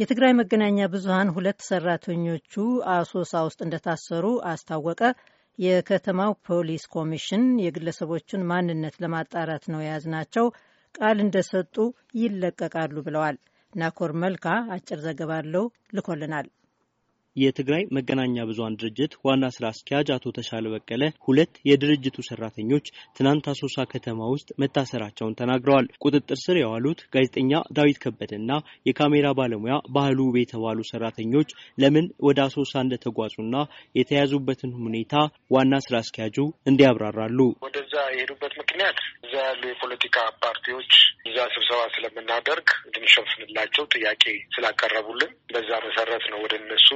የትግራይ መገናኛ ብዙሃን ሁለት ሰራተኞቹ አሶሳ ውስጥ እንደታሰሩ አስታወቀ። የከተማው ፖሊስ ኮሚሽን የግለሰቦቹን ማንነት ለማጣራት ነው የያዝናቸው፣ ቃል እንደሰጡ ይለቀቃሉ ብለዋል። ናኮር መልካ አጭር ዘገባ አለው፣ ልኮልናል። የትግራይ መገናኛ ብዙሃን ድርጅት ዋና ስራ አስኪያጅ አቶ ተሻለ በቀለ ሁለት የድርጅቱ ሰራተኞች ትናንት አሶሳ ከተማ ውስጥ መታሰራቸውን ተናግረዋል። ቁጥጥር ስር የዋሉት ጋዜጠኛ ዳዊት ከበደና የካሜራ ባለሙያ ባህሉ ውብ የተባሉ ሰራተኞች ለምን ወደ አሶሳ እንደተጓዙና የተያዙበትን ሁኔታ ዋና ስራ አስኪያጁ እንዲያብራራሉ። ወደዛ የሄዱበት ምክንያት እዛ ያሉ የፖለቲካ ፓርቲዎች እዛ ስብሰባ ስለምናደርግ እንሸፍንላቸው ጥያቄ ስላቀረቡልን በዛ መሰረት ነው ወደ እነሱ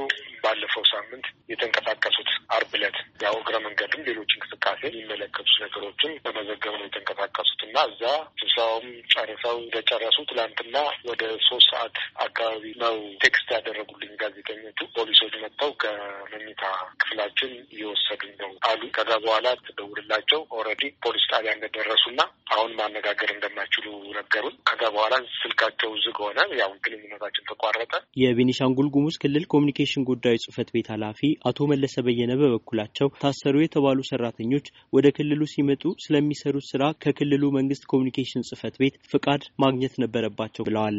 ባለፈው ሳምንት የተንቀሳቀሱት። ብለት ያው እግረ መንገድም ሌሎች እንቅስቃሴ የሚመለከቱ ነገሮችን በመዘገብ ነው የተንቀሳቀሱት እና እዛ ስብሰባውም ጨርሰው እንደጨረሱ ትላንትና ወደ ሶስት ሰዓት አካባቢ ነው ቴክስት ያደረጉልኝ ጋዜጠኞቹ። ፖሊሶች መጥተው ከመኝታ ክፍላችን እየወሰዱኝ ነው አሉ። ከዛ በኋላ ትደውልላቸው ኦልሬዲ ፖሊስ ጣቢያ እንደደረሱና አሁን ማነጋገር እንደማይችሉ ነገሩን። ከዛ በኋላ ስልካቸው ዝግ ሆነ። ያው ግንኙነታችን ተቋረጠ። የቤኒሻንጉል ጉሙዝ ክልል ኮሚኒኬሽን ጉዳዮች ጽህፈት ቤት ኃላፊ አቶ መለሰ በየነ በበ በበኩላቸው ታሰሩ የተባሉ ሰራተኞች ወደ ክልሉ ሲመጡ ስለሚሰሩት ስራ ከክልሉ መንግስት ኮሚኒኬሽን ጽህፈት ቤት ፍቃድ ማግኘት ነበረባቸው ብለዋል።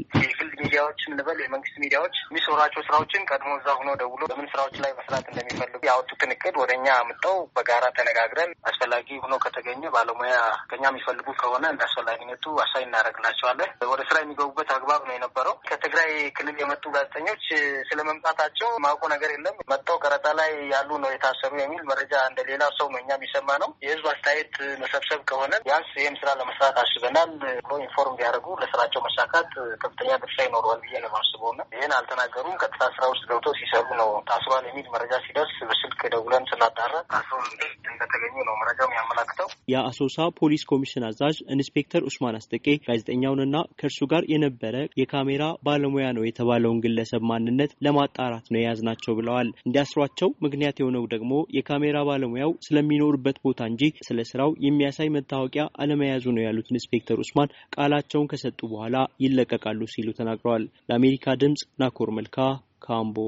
ሚዲያዎች ምንበል የመንግስት ሚዲያዎች የሚሰራቸው ስራዎችን ቀድሞ እዛ ሆኖ ደውሎ በምን ስራዎች ላይ መስራት እንደሚፈልጉ ያወጡትን እቅድ ወደ እኛ አምጠው በጋራ ተነጋግረን አስፈላጊ ሆኖ ከተገኘ ባለሙያ ከኛ የሚፈልጉ ከሆነ እንደ አስፈላጊነቱ አሳይ እናደርግላቸዋለን። ወደ ስራ የሚገቡበት አግባብ ነው የነበረው። ከትግራይ ክልል የመጡ ጋዜጠኞች ስለ መምጣታቸው ማውቁ ነገር የለም። መጥተው ቀረጻ ላይ ያሉ ነው የታሰሩ የሚል መረጃ እንደሌላ ሰው ነው እኛ የሚሰማ ነው። የህዝብ አስተያየት መሰብሰብ ከሆነ ቢያንስ ይህም ስራ ለመስራት አስበናል ብሎ ኢንፎርም ቢያደርጉ ለስራቸው መሳካት ከፍተኛ ድርሻ ይኖረዋል ብዬ ነው የማስበው እና ይህን አልተናገሩም። ቀጥታ ስራ ውስጥ ገብቶ ሲሰሩ ነው ታስሯል የሚል መረጃ ሲደርስ በስልክ ደውለን ስናጣራ ታስሮ የአሶሳ ፖሊስ ኮሚሽን አዛዥ ኢንስፔክተር ኡስማን አስጠቄ ጋዜጠኛውንና ከእርሱ ጋር የነበረ የካሜራ ባለሙያ ነው የተባለውን ግለሰብ ማንነት ለማጣራት ነው የያዝናቸው ብለዋል። እንዲያስሯቸው ምክንያት የሆነው ደግሞ የካሜራ ባለሙያው ስለሚኖርበት ቦታ እንጂ ስለ ስራው የሚያሳይ መታወቂያ አለመያዙ ነው ያሉት ኢንስፔክተር ኡስማን ቃላቸውን ከሰጡ በኋላ ይለቀቃሉ ሲሉ ተናግረዋል። ለአሜሪካ ድምጽ ናኮር መልካ ካምቦ